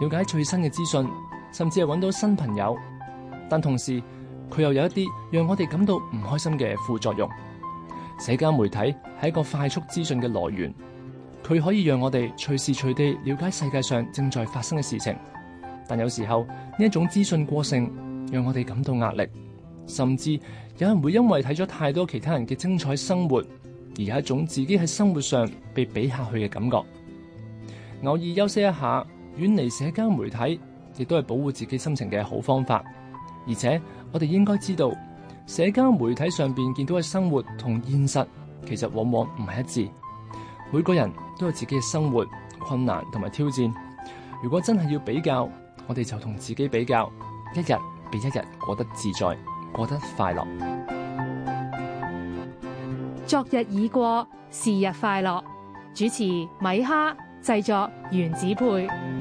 了解最新嘅資訊，甚至係搵到新朋友，但同時佢又有一啲讓我哋感到唔開心嘅副作用。社交媒體係一個快速資訊嘅來源，佢可以讓我哋隨時隨地了解世界上正在發生嘅事情，但有時候呢一種資訊過剩，讓我哋感到壓力，甚至有人會因為睇咗太多其他人嘅精彩生活，而有一種自己喺生活上被比下去嘅感覺。偶爾休息一下。遠離社交媒體亦都係保護自己心情嘅好方法，而且我哋應該知道，社交媒體上面見到嘅生活同現實其實往往唔係一致。每個人都有自己嘅生活困難同埋挑戰。如果真係要比較，我哋就同自己比較，一日比一日過得自在，過得快樂。昨日已過，是日快樂。主持米哈，製作原子配。